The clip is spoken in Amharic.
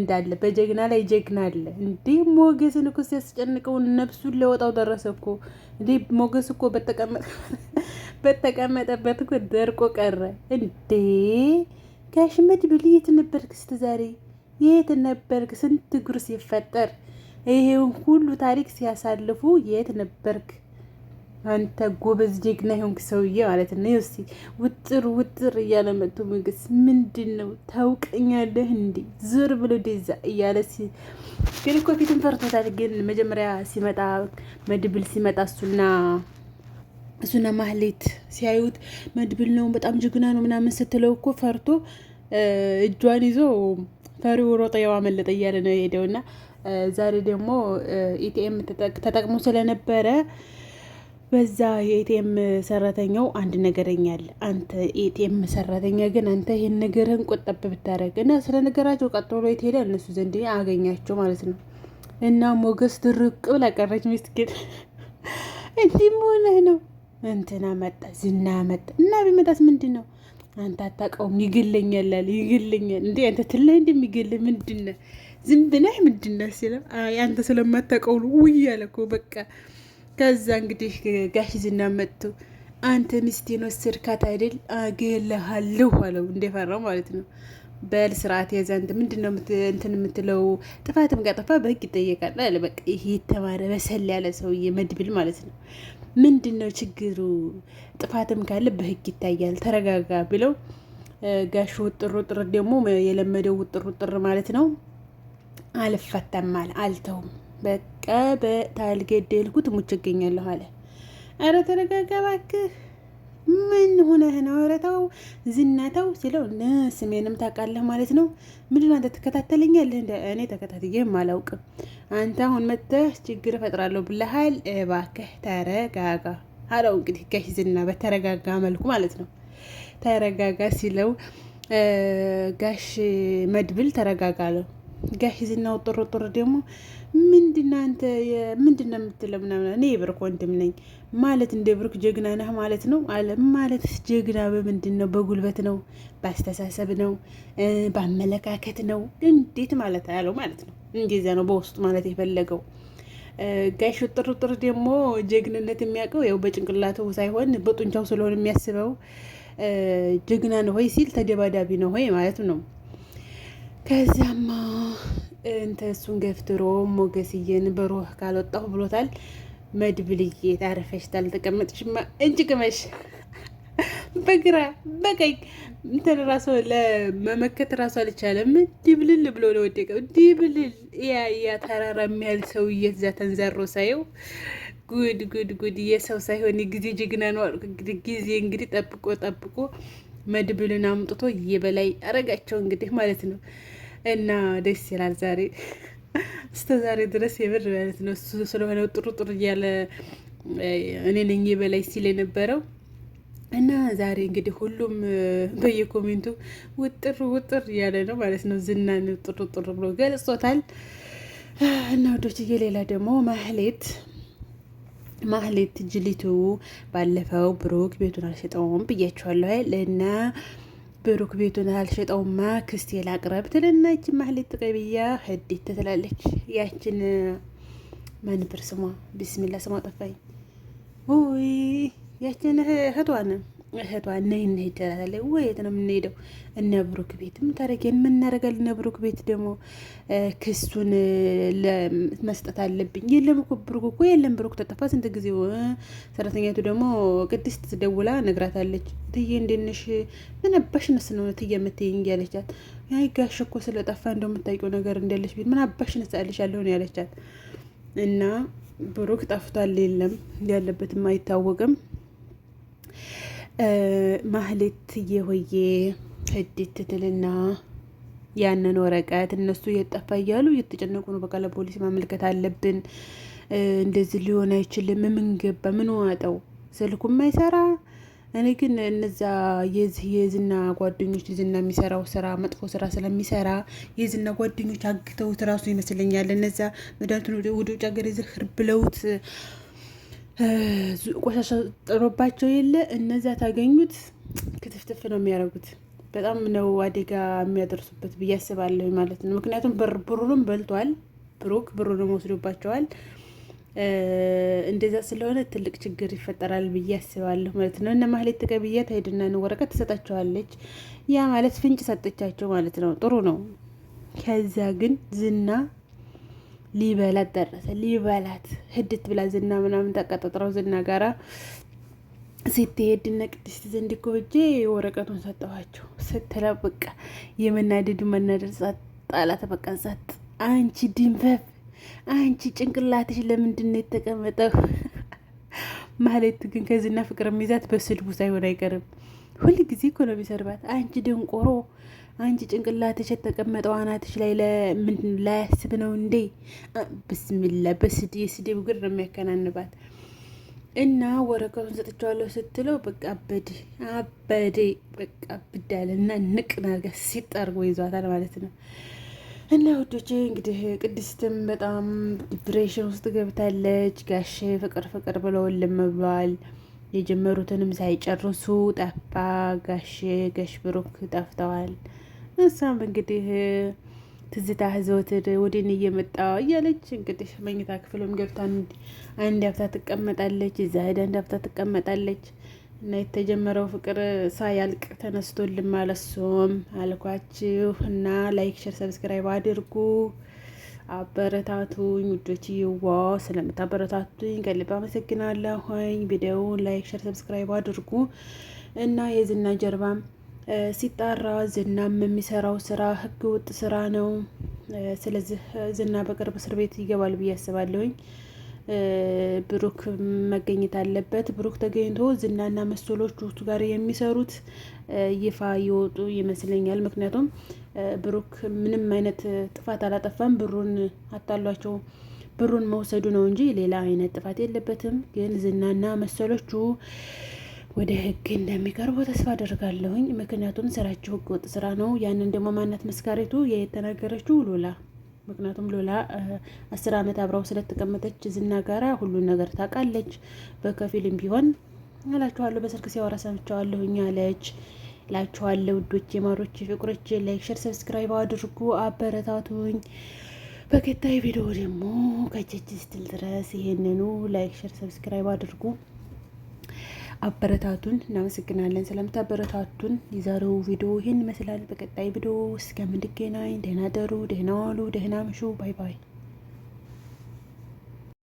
እንዳለ በጀግና ላይ ጀግና አለ እንዴ! ሞገስ እኮ ሲያስጨንቀው ነፍሱን ለወጣው ደረሰ እኮ እንዴ! ሞገስ እኮ በተቀመጠበት እኮ ደርቆ ቀረ እንዴ! ጋሽ መድብል የት ነበርክ? እስከ ዛሬ የት ነበርክ? ስንት ጉር ሲፈጠር ይሄውን ሁሉ ታሪክ ሲያሳልፉ የት ነበርክ? አንተ ጎበዝ ጀግና ሆንክ ሰውዬ ማለት ነው። እስቲ ውጥር ውጥር እያለ መጥቶ ሞገስ ምንድን ነው ታውቀኛለህ እንዴ? ዞር ብሎ ዴዛ እያለ ሲ ግን እኮ ፊትም ፈርቶታል። ግን መጀመሪያ ሲመጣ መድብል ሲመጣ እሱና እሱና ማህሌት ሲያዩት መድብል ነው በጣም ጀግና ነው ምናምን ስትለው እኮ ፈርቶ እጇን ይዞ ፈሪው ሮጠ። ያው አመለጠ እያለ ነው የሄደው የሄደውና ዛሬ ደግሞ ኢቲኤም ተጠቅሞ ስለነበረ በዛ የኤቲኤም ሰራተኛው አንድ ነገረኛ አለ። አንተ ኤቲኤም ሰራተኛ ግን አንተ ይህን ነገርህን ቆጠብ ብታደረግ እና ስለ ነገራቸው ቀጥሎ ብሎ የት ሄደ እነሱ ዘንድ አገኛቸው ማለት ነው። እና ሞገስ ድርቅ ብላ ቀረች። ሚስትጌጥ እንዲህ መሆንህ ነው። እንትና መጣ፣ ዝና መጣ እና ቢመጣስ ምንድን ነው አንተ አታውቀውም፣ ይገለኛል አለ ይገለኛል። እንዴ አንተ ትለህ እንደሚገል ምንድን ነህ? ዝም ብለህ ምንድን ነህ ሲለው አንተ ስለማታውቀው ነው ውይ አለ እኮ በቃ ከዛ እንግዲህ ጋሽ ዝና መጥቶ አንተ ሚስቴን ወሰድካት አይደል አገለሃለሁ አለው። እንደፈራው ማለት ነው። በል ስርዓት ያዝ አንተ ምንድን ነው እንትን የምትለው? ጥፋትም ካጠፋ በህግ ይጠየቃል አለ። በቃ ይሄ የተማረ በሰል ያለ ሰውዬ መድብል ማለት ነው። ምንድን ነው ችግሩ? ጥፋትም ካለ በህግ ይታያል። ተረጋጋ ብለው ጋሽ ውጥር ውጥር ደግሞ የለመደው ውጥር ውጥር ማለት ነው። አልፈተማል አልተውም በቃ በታልገደልኩት ሙች እገኛለሁ አለ። አረ ተረጋጋ እባክህ፣ ምን ሆነህ ነው? ኧረ ተው ዝናተው ሲለው ነ ስሜንም ታውቃለህ ማለት ነው። ምንድን አንተ ትከታተለኛለህ? እንደ እኔ ተከታትዬም አላውቅም። አንተ አሁን መጥተህ ችግር እፈጥራለሁ ብለሃል። እባክህ ተረጋጋ አለው። እንግዲህ ጋሽ ዝና በተረጋጋ መልኩ ማለት ነው ተረጋጋ ሲለው ጋሽ መድብል ተረጋጋ አለው። ጋሂዝና ወጥሮ ጥሩ ደግሞ ምንድና አንተ ምንድን ነው የምትለው? ምናምን እኔ የብሩክ ወንድም ነኝ ማለት እንደ ብሩክ ጀግና ነህ ማለት ነው አለ ማለት ጀግና በምንድን ነው? በጉልበት ነው? በአስተሳሰብ ነው? በአመለካከት ነው? እንዴት ማለት አለው ማለት ነው። እንደዚያ ነው በውስጡ ማለት የፈለገው ጋሽ ጥሩ ጥሩ ደግሞ ጀግንነት የሚያውቀው ያው በጭንቅላቱ ሳይሆን በጡንቻው ስለሆነ የሚያስበው ጀግና ነው ሆይ ሲል ተደባዳቢ ነው ሆይ ማለት ነው። ከዚያማ እንትን እሱን ገፍትሮ ሞገስዬን በሮህ ካልወጣሁ ብሎታል። መድብልዬ ታረፈሽ ታልተቀመጥሽማ እንጂ ቅመሽ በግራ በቀኝ እንትን ራሶ ለመመከት ራሱ አልቻለም። ድብልል ብሎ ነው ወደቀው። ድብልል ያ ያ ተራራ የሚያህል ሰውዬ እዛ ተንዘሮ ሳየው ጉድ ጉድ ጉድ፣ የሰው ሳይሆን ጊዜ ጀግና ነው አልኩ። ጊዜ እንግዲህ ጠብቆ ጠብቆ መድብልን አምጥቶ የበላይ አረጋቸው እንግዲህ ማለት ነው። እና ደስ ይላል ዛሬ እስከ ዛሬ ድረስ የብር ማለት ነው እሱ ስለሆነ ጥሩ ጥሩ እያለ እኔ ነኝ በላይ ሲል የነበረው እና ዛሬ እንግዲህ ሁሉም በየኮሜንቱ ውጥር ውጥር እያለ ነው ማለት ነው። ዝናን ጥሩ ጥሩ ብሎ ገልጾታል። እና ወዶችዬ ሌላ ደግሞ ማህሌት ማህሌት ጅሊቱ ባለፈው ብሩክ ቤቱን አልሸጠውም ብያቸዋለሁ እና ብሩክ ቤቱን አልሸጠውማ ክስቴ ላቅረብ ትልናች ማህሌት ቀብያ ህዴት ትላለች። ያችን መንብር ስሟ ቢስሚላ ስሟ ጠፋኝ። ውይ ያችን እህቷን እህቷ ነይ እንሂድ ትላታለች። ወዴት ነው የምንሄደው? እነ ብሩክ ቤት ምታደረግ የምናደረጋል? እነ ብሩክ ቤት ደግሞ ክሱን መስጠት አለብኝ። የለም እኮ ብሩክ እኮ የለም፣ ብሩክ ተጠፋ ስንት ጊዜው። ሰራተኛቱ ደግሞ ቅድስት ደውላ ነግራታለች። ትዬ እንደት ነሽ? ምን አባሽ ነስ ነው ትዬ የምትይኝ ያለቻት። አይ ጋሽ እኮ ስለጠፋ እንደምታውቂው ነገር እንደለች ቤት ምን አባሽ ነስ አለሽ ያለሆን ያለቻት። እና ብሩክ ጠፍቷል፣ የለም ያለበትም አይታወቅም ማህሌት የሆዬ ህድት ትትልና ያንን ወረቀት እነሱ የጠፋ እያሉ እየተጨነቁ ነው። በቃ ለፖሊስ ማመልከት አለብን። እንደዚህ ሊሆን አይችልም። ምን ገባ? ምን ዋጠው? ስልኩም አይሰራ። እኔ ግን እነዛ የዚህ የዝና ጓደኞች ዝና የሚሰራው ስራ መጥፎ ስራ ስለሚሰራ የዝና ጓደኞች አግተውት ራሱ ይመስለኛል። እነዛ መድኃኒቱን ወደ ውጭ ሀገር ዝህር ብለውት ቆሻሻ ጥሮባቸው የለ እነዛ ታገኙት ክትፍትፍ ነው የሚያደርጉት። በጣም ነው አደጋ የሚያደርሱበት ብዬ አስባለሁ ማለት ነው። ምክንያቱም ብሩንም በልቷል፣ ብሩክ ብሩንም ወስዶባቸዋል። እንደዛ ስለሆነ ትልቅ ችግር ይፈጠራል ብዬ አስባለሁ ማለት ነው። እና ማህሌት ታሄድና ነው ወረቀት ትሰጣቸዋለች። ያ ማለት ፍንጭ ሰጠቻቸው ማለት ነው። ጥሩ ነው። ከዛ ግን ዝና ሊበላት ደረሰ። ሊበላት ህድት ብላ ዝና ምናምን ተቀጣጥረው ዝና ጋራ ስትሄድ እነ ቅድስት ዘንድ እኮ ሂጄ ወረቀቱን ሰጠኋቸው ስትለው በቃ የመናደዱ መናደድ ጸጥ አላት። በቃ ጸጥ። አንቺ ድንፈፍ፣ አንቺ ጭንቅላትሽ ለምንድን ነው የተቀመጠው? ማለት ግን ከዝና ፍቅር የሚይዛት በስድቡ ሳይሆን አይቀርም። ሁል ጊዜ እኮ ነው የሚሰርባት። አንቺ ድንቆሮ አንቺ ጭንቅላትሽ የተቀመጠው አናትሽ ላይ ለምንድን ላያስብ ነው እንዴ? ብስሚላ በስድ የስድ ብግር ነው የሚያከናንባት እና ወረቀቱን ሰጥቼዋለሁ ስትለው በቃ አበዴ አበዴ በቃ ብዳለ እና ንቅ ናርጋ ሲጠርጎ ይዟታል ማለት ነው። እና ውዶቼ እንግዲህ ቅድስትም በጣም ዲፕሬሽን ውስጥ ገብታለች። ጋሽ ፍቅር ፍቅር ብለው ልም የጀመሩትንም ሳይጨርሱ ጠፋ ጋሽ ጋሽ ብሩክ ጠፍተዋል። እሷም እንግዲህ ትዝታ ዘወትር ወደኔ እየመጣ እያለች እንግዲህ መኝታ ክፍልም ገብታ አንድ ሀብታ ትቀመጣለች፣ እዛ ሄዳ አንድ ሀብታ ትቀመጣለች። እና የተጀመረው ፍቅር ሳያልቅ ተነስቶልም አለሱም አልኳችሁ። እና ላይክ፣ ሸር፣ ሰብስክራይብ አድርጉ፣ አበረታቱኝ ውዶች። ይዋ ስለምታበረታቱኝ ከልብ አመሰግናለሁ። ሆኝ ቪዲዮውን ላይክ፣ ሸር፣ ሰብስክራይብ አድርጉ እና የዝና ጀርባም ሲጣራ ዝናም የሚሰራው ስራ ህገ ወጥ ስራ ነው። ስለዚህ ዝና በቅርብ እስር ቤት ይገባል ብዬ አስባለሁኝ። ብሩክ መገኘት አለበት። ብሩክ ተገኝቶ ዝናና መሰሎች እሱ ጋር የሚሰሩት ይፋ ይወጡ ይመስለኛል። ምክንያቱም ብሩክ ምንም አይነት ጥፋት አላጠፋም። ብሩን አታሏቸው ብሩን መውሰዱ ነው እንጂ ሌላ አይነት ጥፋት የለበትም። ግን ዝናና መሰሎቹ ወደ ህግ እንደሚቀርቡ ተስፋ አደርጋለሁኝ። ምክንያቱም ስራችሁ ህገ ወጥ ስራ ነው። ያንን ደግሞ ማናት መስካሪቱ የተናገረችው ሎላ። ምክንያቱም ሎላ አስር ዓመት አብረው ስለተቀመጠች ዝና ጋራ ሁሉን ነገር ታውቃለች። በከፊልም ቢሆን እላችኋለሁ። በስልክ ሲያወራ ሰምቸዋለሁኝ አለች ላችኋለሁ። ውዶች፣ የማሮች፣ ፍቅሮች ላይክ፣ ሸር፣ ሰብስክራይብ አድርጉ አበረታቱኝ። በከታይ ቪዲዮ ደግሞ ከቸች ስትል ድረስ ይሄንኑ ላይክ፣ ሸር፣ ሰብስክራይብ አድርጉ። አበረታቱን። እናመሰግናለን ስለምታበረታቱን። የዛሬው ቪዲዮ ይህን ይመስላል። በቀጣይ ቪዲዮ እስከምንገናኝ ደህና ደሩ፣ ደህና ዋሉ፣ ደህና ምሹ። ባይ ባይ።